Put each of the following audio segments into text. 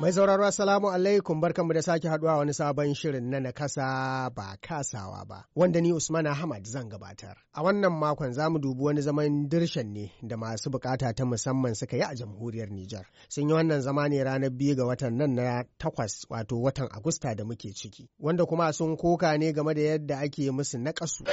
Mai sauraro Assalamu alaikum mu da sake haduwa wani sabon shirin na nakasa ba kasawa ba wanda ni Usman Ahmad zan gabatar. A wannan makon za mu dubi wani zaman dirshan ne da masu bukata ta musamman suka yi a jamhuriyar Nijar. Sun yi wannan zama ne ranar biyu ga watan nan na takwas wato watan Agusta da muke ciki wanda kuma sun koka ne game da yadda ake musu naƙasu.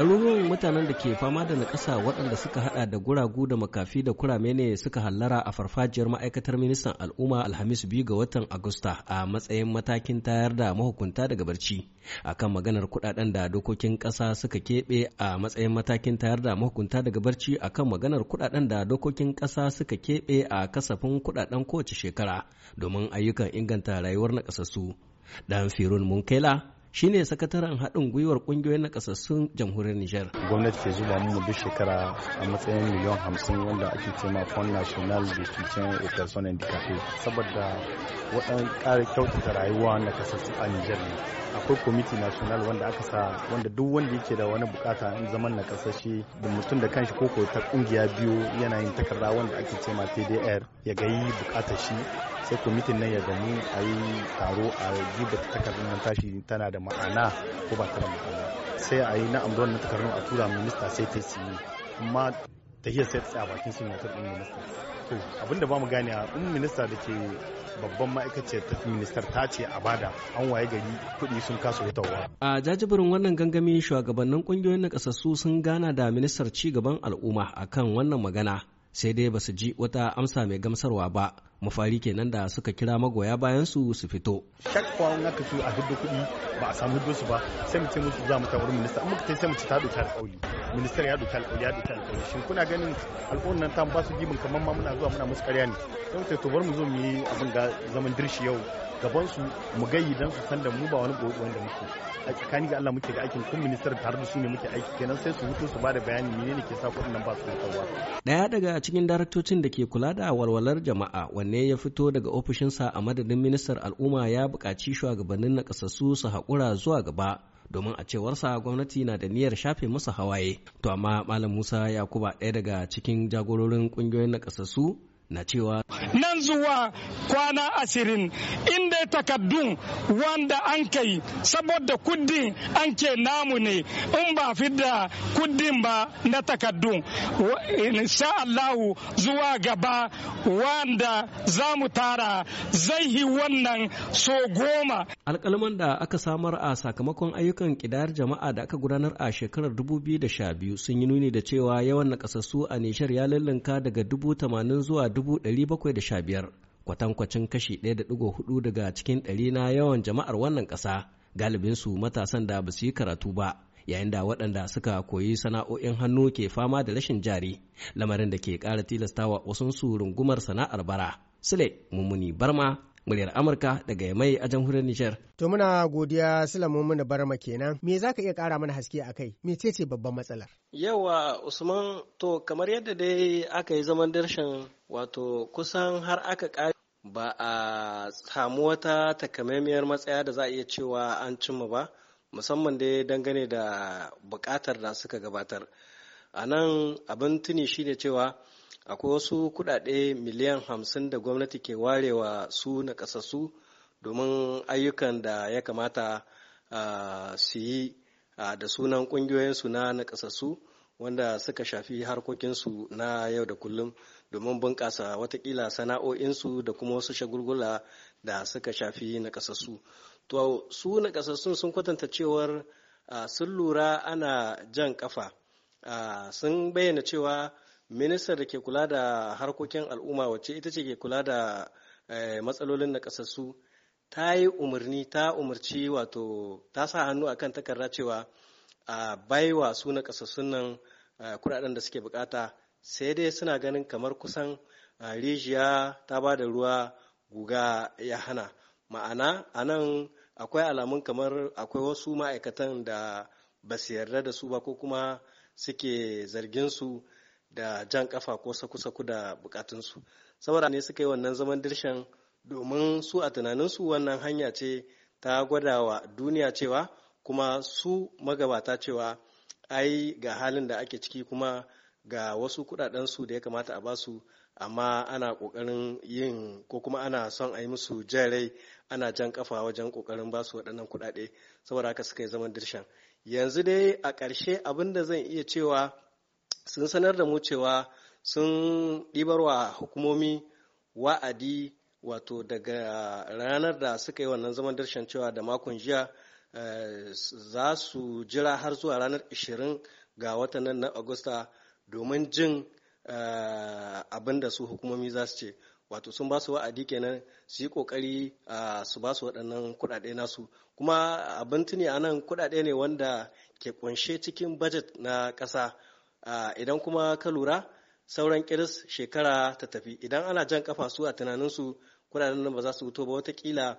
ɗaruruwan mutanen da ke fama da nakasa waɗanda suka hada da guragu da makafi da kurame ne suka hallara a farfajiyar ma'aikatar ministan al'umma alhamis biyu ga watan agusta a matsayin matakin tayar da mahukunta daga barci akan maganar kuɗaɗen da dokokin ƙasa suka keɓe a matsayin matakin tayar da mahukunta daga barci akan maganar kuɗaɗen da dokokin ƙasa suka keɓe a kasafin kuɗaɗen kowace shekara domin ayyukan inganta rayuwar nakasassu dan firun munkela shine sakataren haɗin gwiwar ƙungiyoyin nakasassun jamhuriyar Nijar. Gwamnati ke zuba mu duk shekara a matsayin miliyan hamsin wanda ake cema Fond National de Soutien aux Personnes Handicapées saboda waɗan ƙara kyautata rayuwa nakasassu a Nijar ne. Akwai kwamiti national wanda aka sa wanda duk wanda yake da wani bukata in zaman nakasashe da mutum da kanshi ko ko ta ƙungiya biyu yana yin takarda wanda ake cema TDR ya ga yi bukatar shi sai kwamitin nan ya gani a yi taro a yi da takardun nan tashi tana da ma'ana ko ba ta da ma'ana sai a yi na amdon na takardun a tura minista sai ta yi amma ta hiyar sai ta a bakin signatar din minista to abinda ba mu gane a minista da ke babban ma'aikaciyar ta ministar ta ce a bada an waye gari kuɗi sun kasa wutawa. A jajibirin wannan gangami shugabannin kungiyoyin nakasassu sun gana da ministar ci gaban al'umma akan wannan magana sai dai ba su ji wata amsa mai gamsarwa ba mafari kenan da suka kira magoya bayan su su fito shakwa in aka so a hidda kuɗi ba a samu hiddo su ba sai mu ce musu za mu ta wurin minista amma muka sai mu ci ta doki alƙawli ministar ya doki alƙawli ya doki alƙawli shin kuna ganin al'ummar nan ta ba su gibin kamar ma muna zuwa muna musu ƙarya ne sai mu ce to bar mu zo mu yi abin ga zaman dirshi yau gaban su mu gayi dan su san da mu ba wani gobe wanda muke a tsakani ga Allah muke ga aikin kun ministar tare da su ne muke aiki kenan sai su hutu su ba da bayani menene ke sa kuɗin nan ba su hutarwa daya daga cikin daraktocin da ke kula da walwalar jama'a wani ne ya fito daga ofishinsa a madadin ministar al'umma ya buƙaci shugabannin nakasassu su haƙura zuwa gaba domin a cewarsa gwamnati na da niyyar shafe musu hawaye to amma malam musa yakuba ɗaya daga cikin jagororin ƙungiyoyin nakasassu na cewa nan zuwa kwana asirin inda takaddun wanda an kai saboda kuddin an ke namu ne in ba fi da kuddin ba na takaddun insha Allahu zuwa gaba wanda za mu tara zai yi wannan so goma alkalman da aka samar a sakamakon ayyukan kidayar jama'a da aka gudanar a shekarar 2012 sun yi nuni da cewa yawan nakasassu a nishar ya lallanka daga 80,000 zuwa 1715 kwatankwacin kashi 1.4 daga cikin ɗari na yawan jama'ar wannan ƙasa galibinsu matasan da ba su yi karatu ba yayin da waɗanda suka koyi sana'o'in hannu ke fama da rashin jari lamarin da ke ƙara tilastawa su rungumar sana'ar bara sule mummuni barma muryar Amurka daga mai a jamhuriyar Nijar. To muna godiya Sule mummuni barma kenan. Me za ka iya ƙara mana haske a kai? Mece ce babban matsalar? Yawa Usman to kamar yadda dai aka yi zaman darshan wato kusan har aka ƙare ba a samu wata takamaimiyar matsaya da za a iya cewa an cimma ba musamman dai dangane da buƙatar da suka gabatar a nan abin tuni shine cewa akwai wasu kuɗaɗe miliyan hamsin da gwamnati ke warewa su na ƙasasu domin ayyukan da ya kamata su yi da sunan ƙungiyoyinsu na na naƙasassu wanda suka shafi harkokinsu na yau da kullum domin bunƙasa watakila sana'o'insu da kuma wasu shagulgula da suka shafi nakasassu to su nakasassun sun kwatanta cewar sun lura ana jan kafa sun bayyana cewa ministar da ke kula da harkokin al'umma wacce ita ce ke kula da e, matsalolin nakasassu ta yi umarni ta umarci wato ta sa hannu akan takarda cewa a baiwa su nakasassun nan kudaden da suke bukata sai dai suna ganin kamar kusan rijiya ta ba da ruwa guga ya hana ma'ana a nan akwai alamun kamar akwai wasu ma'aikatan da ba su yarda da su ba ko kuma suke zarginsu da jan kafa ko saku-saku da bukatunsu saboda ne suka yi wannan zaman dirshan domin su a tunaninsu wannan hanya ce ta gwada wa duniya cewa kuma su magabata cewa ai ga halin da ake ciki kuma ga wasu kudaden su da ya kamata a basu amma ana kokarin yin ko kuma ana son a yi musu jan ana jan kafa wajen kokarin basu waɗannan kudade saboda haka suka yi zaman dirshan yanzu dai a ƙarshe abin da zan iya cewa sun sanar da mu cewa sun ɗibarwa hukumomi wa'adi wato daga ranar da suka yi wannan zaman dirshan cewa da makon jiya eh, za su jira har zuwa ranar 20 ga watan nan na agusta domin jin eh, abin da su hukumomi za su ce wato sun ba su wa'adi kenan su yi kokari eh, su ba su waɗannan kuɗaɗe nasu kuma abin tuni a nan kuɗaɗe ne wanda ke kunshe cikin bajet na ƙasa eh, idan kuma ka lura sauran kiris shekara ta tafi idan ana jan kafa su a tunaninsu kuɗaɗen nan ba za su wuto ba watakila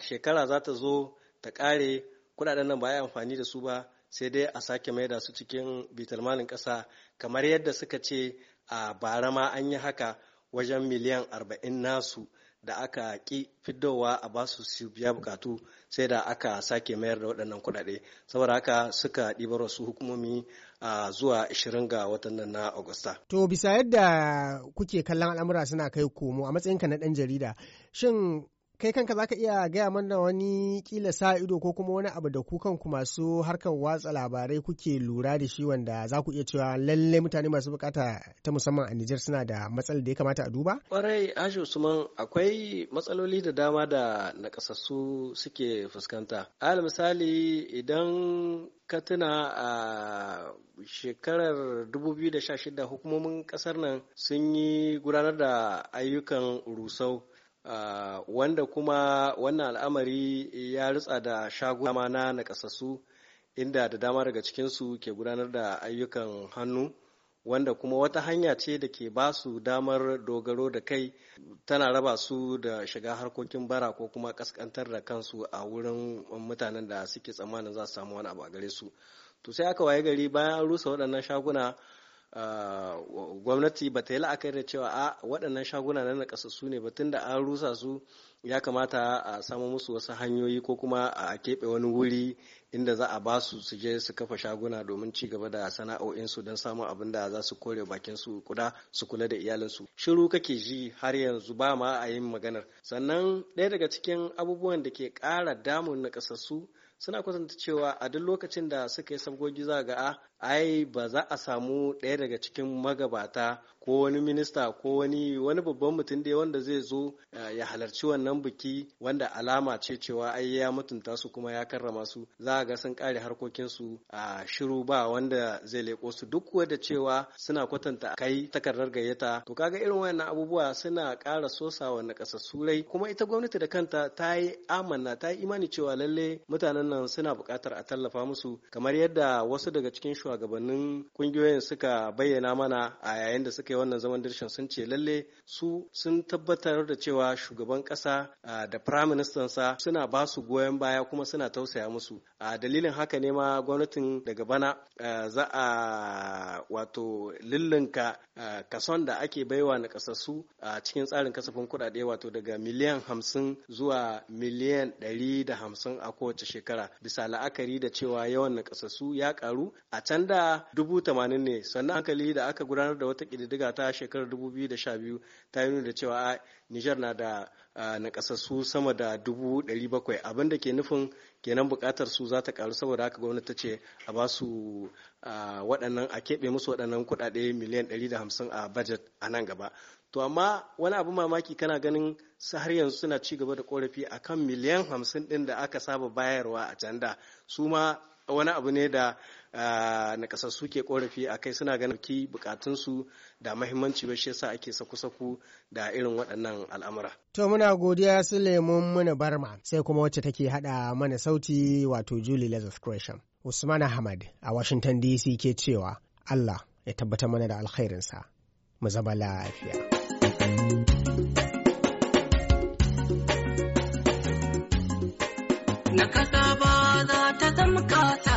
shekara za ta zo ta ƙare kuɗaɗen nan ba yi amfani da su ba sai dai a sake da su cikin bitalmalin ƙasa kamar yadda suka ce a bara ma an yi haka wajen miliyan arba'in nasu da aka ki fidowa a basu su biya bukatu sai da aka sake mayar da waɗannan kuɗaɗe saboda haka suka ɗibar wasu hukumomi a zuwa 20 ga watan nan na agusta to bisa yadda kuke kallon al'amura suna kai komo a matsayinka na ɗan jarida shin kai kanka zaka iya gaya mana wani kila sa ido ko kuma wani abu da ku kanku masu harkar watsa labarai kuke lura da shi wanda za ku iya cewa lallai mutane masu bukata ta musamman a Nijar suna da matsalar da ya kamata a duba? Kwarai Ashi Usman akwai matsaloli da dama da nakasassu suke fuskanta. Al misali idan ka tuna a shekarar 2016 hukumomin kasar nan sun yi gudanar da ayyukan rusau Ah, wanda kuma wannan al'amari ya rutsa da shaguna na nakasassu inda da dama daga cikinsu ke gudanar da ayyukan hannu wanda kuma wata hanya ce da ke ba su damar dogaro da kai tana raba su da shiga harkokin bara ko kuma kaskantar da kansu a wurin mutanen da suke tsammanin za su samu wani abu a gare su to sai aka waye gari bayan an rusa waɗannan shaguna Ah, gwamnati ba ta yi la'akari da cewa a waɗannan shaguna na nakasassu ne ba tun da an rusa su ya kamata a samu musu wasu hanyoyi ko kuma a keɓe wani wuri inda za a ba su su je su kafa shaguna domin ci gaba da sana'o'insu don samun abin da za su kore bakin su kuda su kula da iyalinsu shiru kake ji har yanzu ba ma a yin maganar sannan ɗaya daga cikin abubuwan da ke ƙara damun nakasassu suna kwatanta cewa a duk lokacin da suka yi sabgogi za ga a ai ba za a samu ɗaya daga cikin magabata ko wani minista ko wani wani babban mutum da wanda zai zo eh, ya halarci wannan biki wanda alama ce cewa ai ya mutunta su kuma ya karrama su za a ga sun kare harkokinsu a shiru ba wanda zai leko su duk da cewa suna kwatanta kai takardar gayyata to kaga irin wannan abubuwa suna kara sosa wa nakasassu rai kuma ita gwamnati da kanta ta yi amanna ta yi imani cewa lalle mutanen nan suna buƙatar a tallafa musu kamar yadda wasu daga cikin shuwa shugabannin kungiyoyin suka bayyana mana a yayin da suka yi wannan zaman dirshin sun ce lalle su sun tabbatar da cewa shugaban kasa da prime suna ba su goyon baya kuma suna tausaya musu a dalilin haka ne ma gwamnatin daga bana za a wato lillinka kason da ake baiwa na kasassu a cikin tsarin kasafin kuɗaɗe wato daga miliyan hamsin zuwa miliyan ɗari da hamsin a kowace shekara bisa la'akari da cewa yawan na kasassu ya karu a can da dubu tamanin ne sannan hankali da aka gudanar da wata ƙididdiga ta shekarar dubu biyu da sha biyu ta yi nuna da cewa nijar na da nakasassu sama da dubu dari bakwai abinda ke nufin kenan bukatar su za ta karu saboda haka gwamnati ta ce a ba su waɗannan a keɓe musu waɗannan kuɗaɗe miliyan ɗari da hamsin a bajet a nan gaba to amma wani abu mamaki kana ganin su har yanzu suna ci gaba da korafi akan miliyan hamsin ɗin da aka saba bayarwa a da su ma wani abu ne da ah, na ke korafi a kai suna ganin ki bukatunsu da mahimmanci ba shi yasa ake saku-saku da irin waɗannan al'amura. To muna godiya su lemun muna barma sai kuma wacce take haɗa mana sauti wato Julie Lazarus Gresham. Usman Ahmad a Washington DC ke cewa Allah ya tabbatar mana da alkhairinsa. Mu zama lafiya. Na Some caught